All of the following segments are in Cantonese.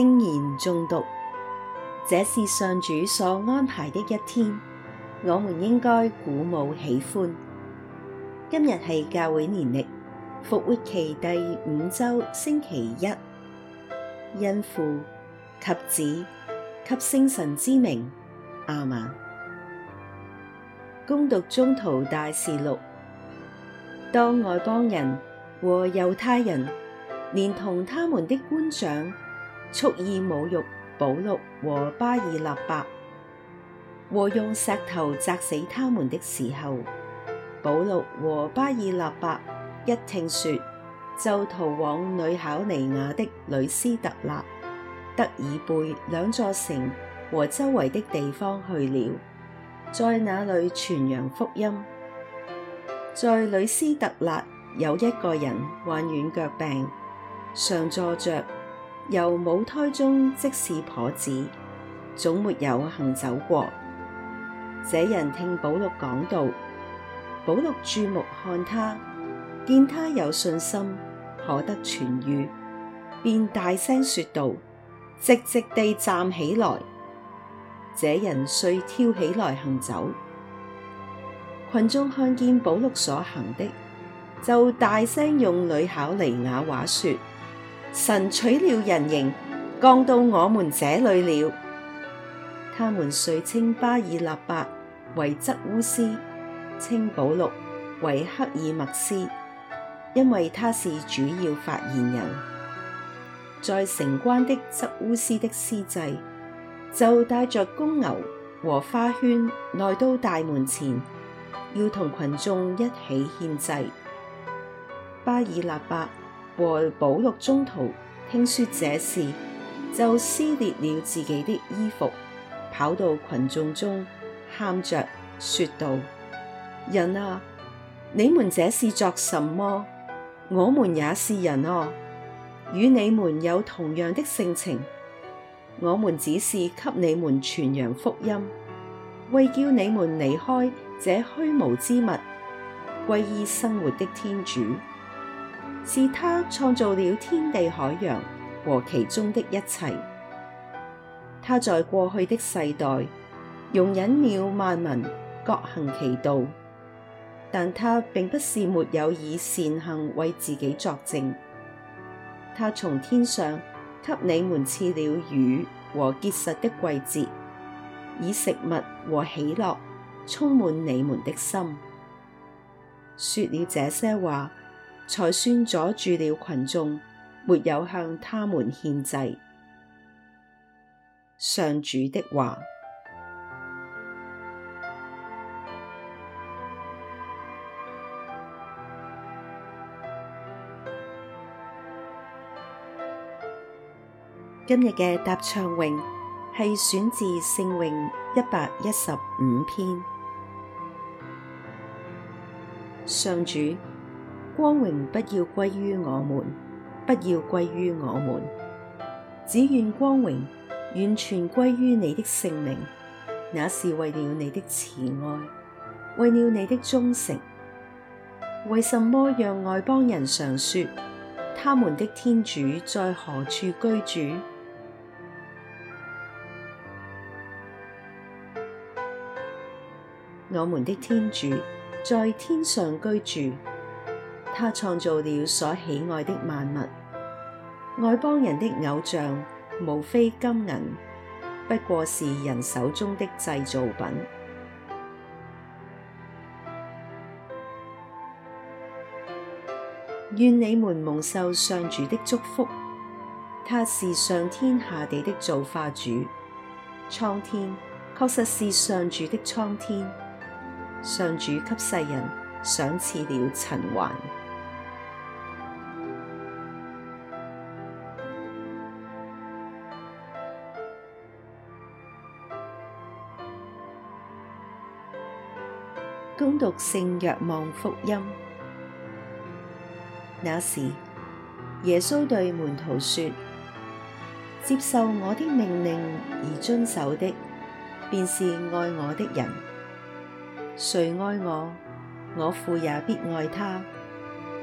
經言誦讀，這是上主所安排的一天，我們應該鼓舞喜歡。今日係教會年曆復活期第五周星期一，因父及子及聖神之名亞孟，恭讀宗徒大事錄，當外邦人和猶太人連同他們的官長。蓄意侮辱保祿和巴爾納伯，和用石頭砸死他們的時候，保祿和巴爾納伯一聽說，就逃往呂考尼雅的呂斯特辣、德爾貝兩座城和周圍的地方去了，在那裏傳揚福音。在呂斯特辣有一個人患軟腳病，常坐着。由母胎中即是跛子，總沒有行走過。這人聽保祿講道，保祿注目看他，見他有信心，可得痊癒，便大聲說道：直直地站起來。這人遂跳起來行走。群眾看見保祿所行的，就大聲用呂考尼雅話說。神取了人形，降到我們這裏了。他們遂稱巴爾納伯為則烏斯，稱保祿為赫爾默斯，因為他是主要發言人。在城關的則烏斯的司祭，就帶着公牛和花圈來到大門前，要同群眾一起獻祭。巴爾納伯。和保祿宗徒聽說這事，就撕裂了自己的衣服，跑到群眾中，喊着說道：人啊，你們這是作什麼？我們也是人哦、啊，與你們有同樣的性情。我們只是給你們傳揚福音，為叫你們離開這虛無之物，歸依生活的天主。是他創造了天地海洋和其中的一切。他在過去的世代，容忍了萬民各行其道，但他並不是沒有以善行為自己作證。他從天上給你們賜了雨和結實的季節，以食物和喜樂充滿你們的心。說了這些話，才算阻住了群眾，沒有向他們獻祭。上主的話，今日嘅答唱詠係選自聖詠一百一十五篇。上主。光榮不要歸於我們，不要歸於我們，只願光榮完全歸於你的聖名，那是為了你的慈愛，為了你的忠誠。為什麼讓外邦人常說他們的天主在何處居住？我們的天主在天上居住。他創造了所喜愛的萬物，外邦人的偶像無非金銀，不過是人手中的製造品。願你們蒙受上主的祝福。他是上天下地的造化主，蒼天確實是上主的蒼天。上主給世人賞賜了塵寰。恭讀聖若望福音。那時，耶穌對門徒說：接受我的命令而遵守的，便是愛我的人。誰愛我，我父也必愛他，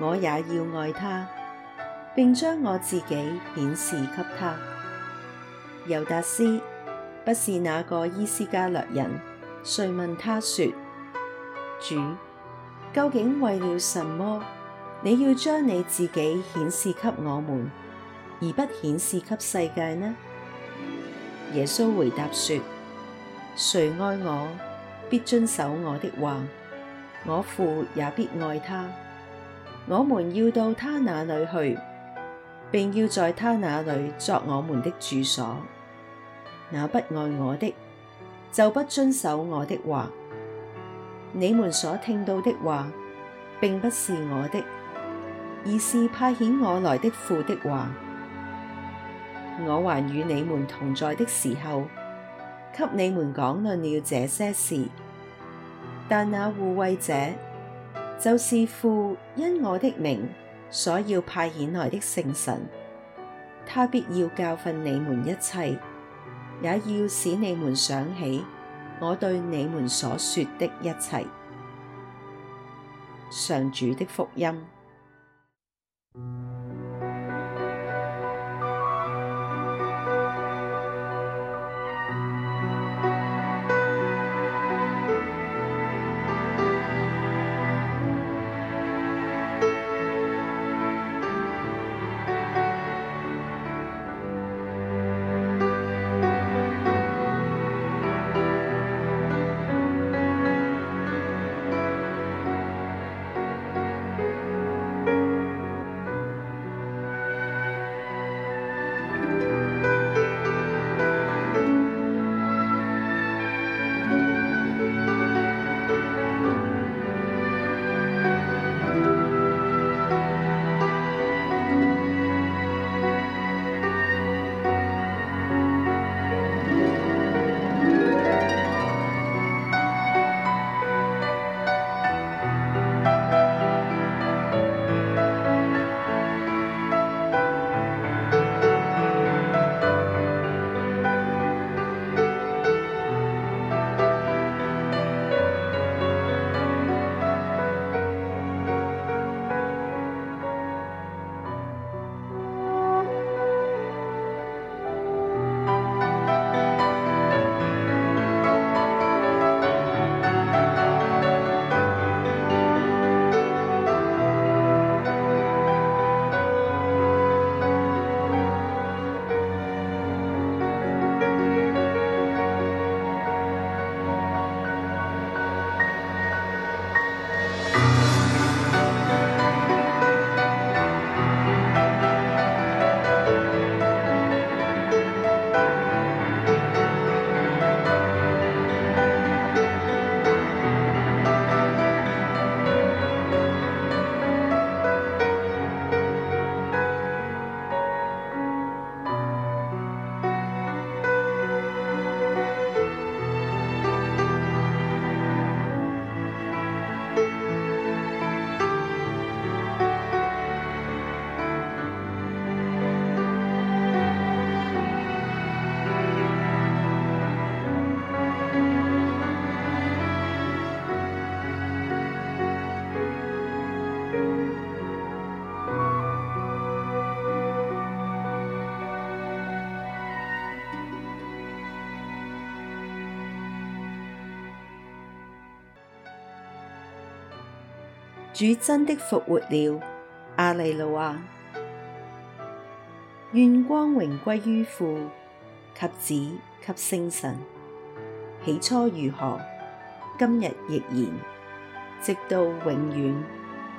我也要愛他，並將我自己顯示給他。猶達斯不是那個依斯加略人，遂問他說：主，究竟為了什麼，你要將你自己顯示給我們，而不顯示給世界呢？耶穌回答說：誰愛我，必遵守我的話，我父也必愛他。我們要到他那裏去，並要在他那裏作我們的住所。那不愛我的，就不遵守我的話。你們所聽到的話，並不是我的，而是派遣我來的父的話。我還與你們同在的時候，給你們講論了這些事。但那護慰者，就是父因我的名所要派遣來的聖神，他必要教訓你們一切，也要使你們想起。我對你們所說的一切，上主的福音。主真的復活了，阿利路亞、啊！願光榮歸於父及子及聖神。起初如何，今日亦然，直到永遠，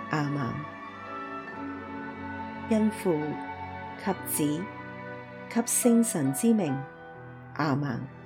阿們。因父及子及聖神之名，阿們。